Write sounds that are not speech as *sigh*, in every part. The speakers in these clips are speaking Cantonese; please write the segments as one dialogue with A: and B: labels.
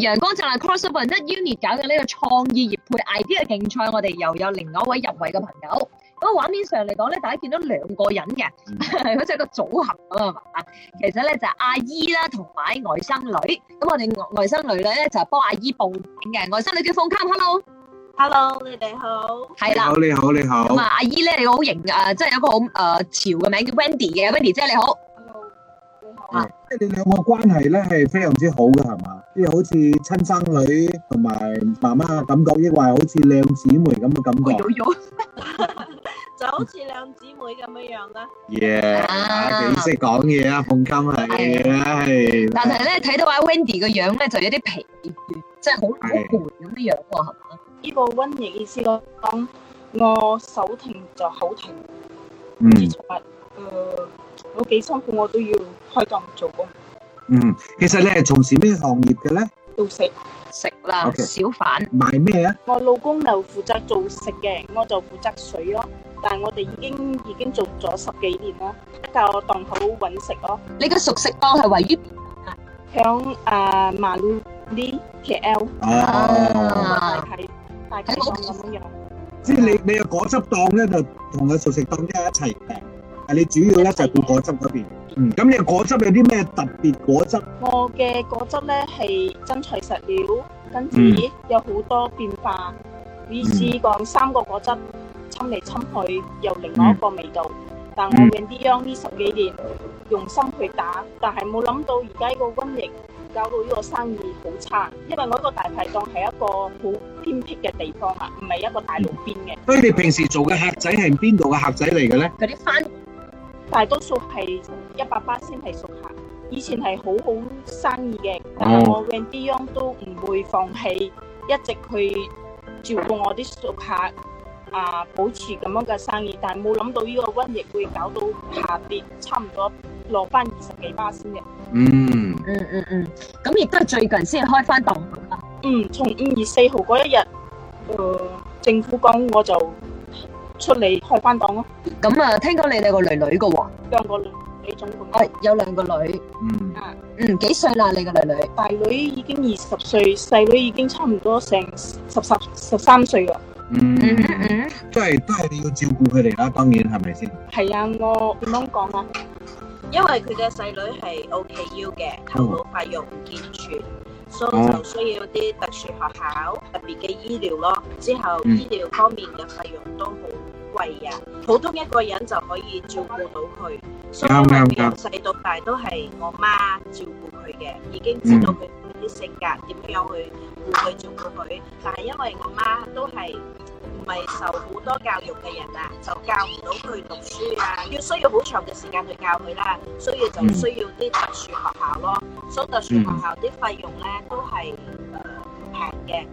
A: 陽光就係 CrossOver Nerdunit 搞嘅呢個創意業配 Idea 嘅競賽，我哋又有另外一位入圍嘅朋友。咁畫面上嚟講咧，大家見到兩個人嘅，好似個組合咁啊。其實咧就係阿姨啦，同埋外甥女。咁我哋外甥女咧就係幫阿姨報名嘅。外甥女叫鳳卡，hello，hello，你哋好。係啦，你好，你好，你好。咁啊了，阿姨咧你好型啊，即係有個好誒潮嘅名叫 Wendy 嘅 Wendy 姐你好。你好係，即係你兩個關係咧，係非常之好嘅，係嘛？即係好似親生女同埋媽媽嘅感覺，亦或好似兩姊妹咁嘅感覺，就好似兩姊妹咁樣樣啦。耶，幾識講嘢啊，鳳金係。但係咧，睇到阿 Wendy 嘅樣咧，就有啲疲倦，即係好攰咁樣樣喎，係嘛？呢個 Wendy 嘅意思講，我手停就口停，唔知從嚟，誒，我幾辛苦我都要。開檔做工。嗯，其實你係從事咩行業嘅咧？做食食啦，小販賣咩啊？我老公就負責做食嘅，我就負責水咯。但係我哋已經已經做咗十幾年啦，喺個檔口搵食咯。你嘅熟食檔係位於響誒馬路邊斜 out 啊，係大概咁樣，即係你你嘅果汁檔咧就同個熟食檔一齊嘅。係你主要咧就係果汁嗰邊，咁你果汁有啲咩特別果汁？我嘅果汁咧係真材實料，跟住有好多變化。你試過三個果汁，侵嚟侵去又另外一個味道。但我養啲秧呢十幾年，用心去打，但係冇諗到而家個瘟疫搞到呢個生意好差，因為我個大排檔係一個好偏僻嘅地方啊，唔係一個大路邊嘅。所以你平時做嘅客仔係邊度嘅客仔嚟嘅咧？嗰啲番。大多數係一百巴先係熟客，以前係好好生意嘅，但係我搵啲佣都唔會放棄，一直去照顧我啲熟客，啊，保持咁樣嘅生意，但係冇諗到呢個瘟疫會搞到下跌，差唔多落翻二十幾巴先嘅。嗯嗯嗯嗯，咁亦都係最近先開翻檔口啦。嗯，從五月四號嗰一日，誒、呃，政府講我就。出嚟開翻檔咯！咁啊，聽講你哋個女女嘅喎，兩個女，你總共係有兩個女，嗯，嗯幾歲啦？你個女女大女已經二十歲，細女已經差唔多成十十十三歲啦。嗯嗯，嗯都係都係你要照顧佢哋啦，當然係咪先？係啊，我點樣講啊？因為佢嘅細女係 O K 要嘅，頭腦發育唔健全，所以就需要啲特殊學校特別嘅醫療咯。之後醫療方面嘅費用都好。嗯係啊，普通一個人就可以照顧到佢，所以我由細到大都係我媽照顧佢嘅，已經知道佢啲性格點樣去顧佢、照顧佢。但係因為我媽都係唔係受好多教育嘅人啊，就教唔到佢讀書啊，要需要好長嘅時間去教佢啦，所以就需要啲特殊學校咯。所以特殊學校啲費用咧都係。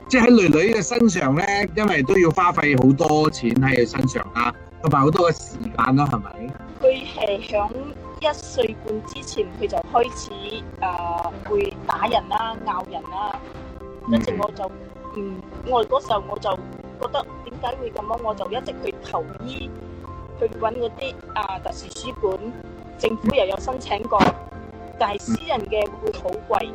A: 即係喺女女嘅身上咧，因為都要花費好多錢喺佢身上啦，啊，同埋好多嘅時間啦，啊，係咪？佢係響一歲半之前，佢就開始誒，啊、會打人啦，啊、咬人啦，啊，一直我就嗯，我嗰時候我就覺得點解會咁樣，啊，我就一直去求醫，去搵嗰啲啊特殊書館，政府又有申請過，嗯，但係私人嘅會好貴。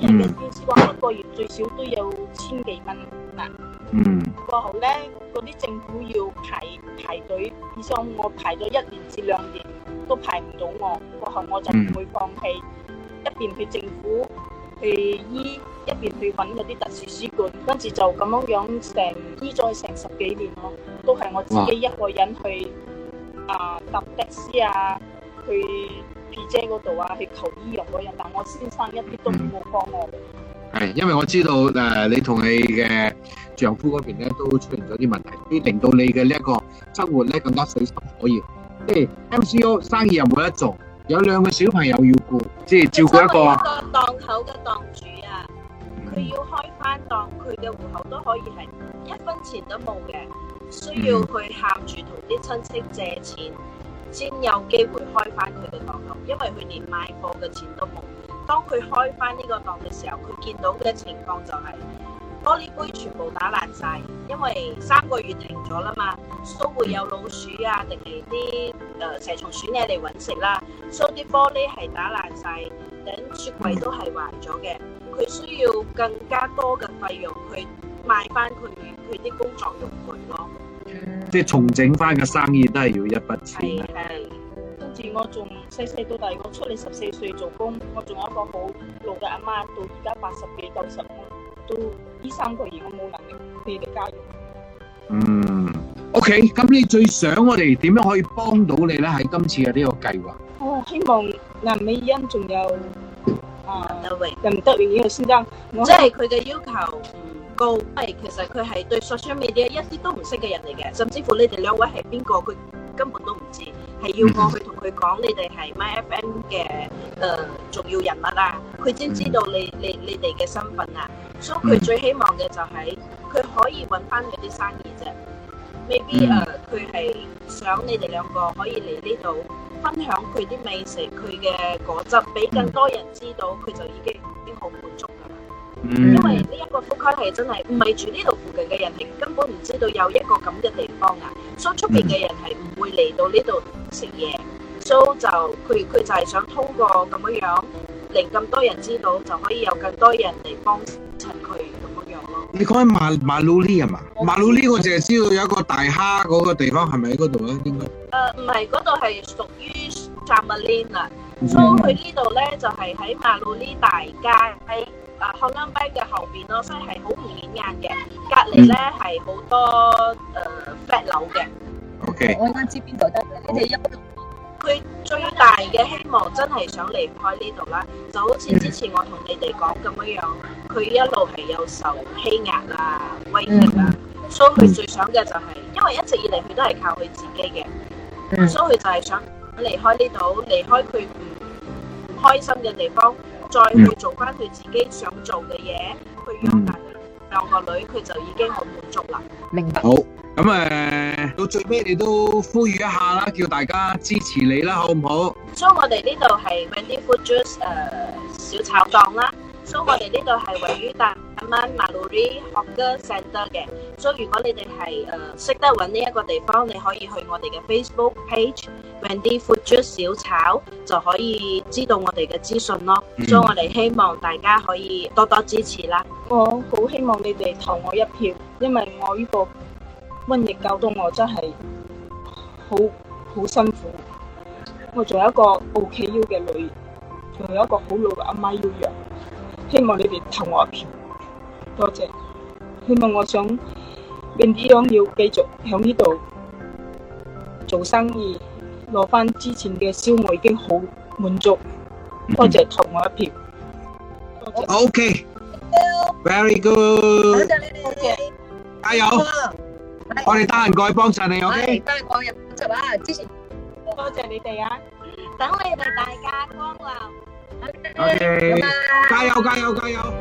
A: Mm hmm. 即係話一個月最少都有千幾蚊嗱，嗯、mm，hmm. 過後咧，嗰啲政府要排排隊，而且我排咗一年至兩年都排唔到我。過後我就唔會放棄，一邊去政府去醫，一邊去揾嗰啲特殊書館，跟住就咁樣樣成醫咗成十幾年咯，都係我自己一個人去啊搭、mm hmm. 呃、的士啊去。嗰度啊，去求醫藥嘅人，但我先生一啲都冇幫我。係、嗯，因為我知道誒、呃，你同你嘅丈夫嗰邊咧都出現咗啲問題，所以、嗯、令到你嘅呢一個生活咧更加水深火熱。即係、欸、MCO 生意又冇得做，有兩個小朋友要顧，即係照顧一個。一個檔口嘅檔主啊，佢要開翻檔，佢嘅戶口都可以係一分錢都冇嘅，需要去喊住同啲親戚借錢。嗯先有機會開翻佢嘅檔口，因為佢連買貨嘅錢都冇。當佢開翻呢個檔嘅時候，佢見到嘅情況就係玻璃杯全部打爛晒，因為三個月停咗啦嘛，都會有老鼠啊，定係啲誒蛇蟲鼠蟻嚟搵食啦，所以啲玻璃係打爛晒，等雪櫃都係壞咗嘅。佢需要更加多嘅費用去買翻佢佢啲工作用具咯。即係重整翻嘅生意都係要一筆錢。係，跟住我仲細細到大，我出嚟十四歲做工，我仲有一個好老嘅阿媽，到而家八十幾、九十都呢三個月我冇能力俾你家用。嗯，OK，咁你最想我哋點樣可以幫到你咧？喺今次嘅呢個計劃。哦，希望林美欣仲有啊林德榮呢個先生，即係佢嘅要求。高，係其實佢係對 social media 一啲都唔識嘅人嚟嘅，甚至乎你哋兩位係邊個，佢根本都唔知，係要我去同佢講你哋係 My FM 嘅誒重要人物啊，佢先知道你你你哋嘅身份啊，所以佢最希望嘅就係佢可以搵翻佢啲生意啫，maybe 誒佢係想你哋兩個可以嚟呢度分享佢啲美食，佢嘅果汁俾更多人知道，佢就已經已經好滿足啦。嗯、因為呢一個福蓋係真係唔係住呢度附近嘅人，係根本唔知道有一個咁嘅地方啊，所以出邊嘅人係唔會嚟到呢度食嘢，所以就佢佢就係想通過咁樣樣令咁多人知道，就可以有更多人嚟幫襯佢咁樣樣咯。你講馬馬路呢？啊，嘛？馬路呢我淨係知道有一個大蝦嗰個地方係咪喺嗰度咧？應該誒唔係嗰度係屬於查馬林啦，
B: 所以佢
A: 呢度咧就係喺馬路呢大街。啊，後山陂嘅後邊咯，所以係好唔顯眼嘅。隔籬咧係好多誒，flat 樓嘅。O K。我應該知邊度得。佢最大嘅希望真係想離開呢度啦，就好似之前我同你哋講咁樣樣。佢一路係有受欺壓啊，威脅啊，所以佢最想嘅就係，因為一直以嚟佢都係靠佢自己嘅，
B: 所以佢
A: 就係想離開呢度，離開佢唔開心嘅地方。再去做翻佢自己想做嘅嘢，佢養大佢兩個女，佢就已經好滿足啦。明白。好，咁誒，到最尾你都呼籲一下啦，叫大家支持你啦，好唔好？所以，我哋呢度係 Wendy Food Juice 誒小炒檔啦。所以，我哋呢度係位於大亞灣 Marlory Hawker Centre 嘅。所以如果你哋係誒識得搵呢一個地方，你可以去我哋嘅 Facebook page，搵啲 Food Juice 小炒就可以知道我哋嘅資訊咯。 *music* 所以我哋希望大家可以多多支持啦。我好希望你哋投我一票，因為我呢個瘟疫教到我真係好好辛苦。我仲有一個 OKU 嘅女，仲有一個好老嘅阿媽要養，希望你哋投我一票，多謝。希望我想。並點樣要繼續喺呢度做生意，攞返之前嘅燒賣已經好滿足。多謝同我一票。O K，Very good，加油！我哋單人蓋過去幫襯你，O K，單人蓋五十啊！之前多謝你哋啊，等你哋大駕光臨。O K，加油加油加油！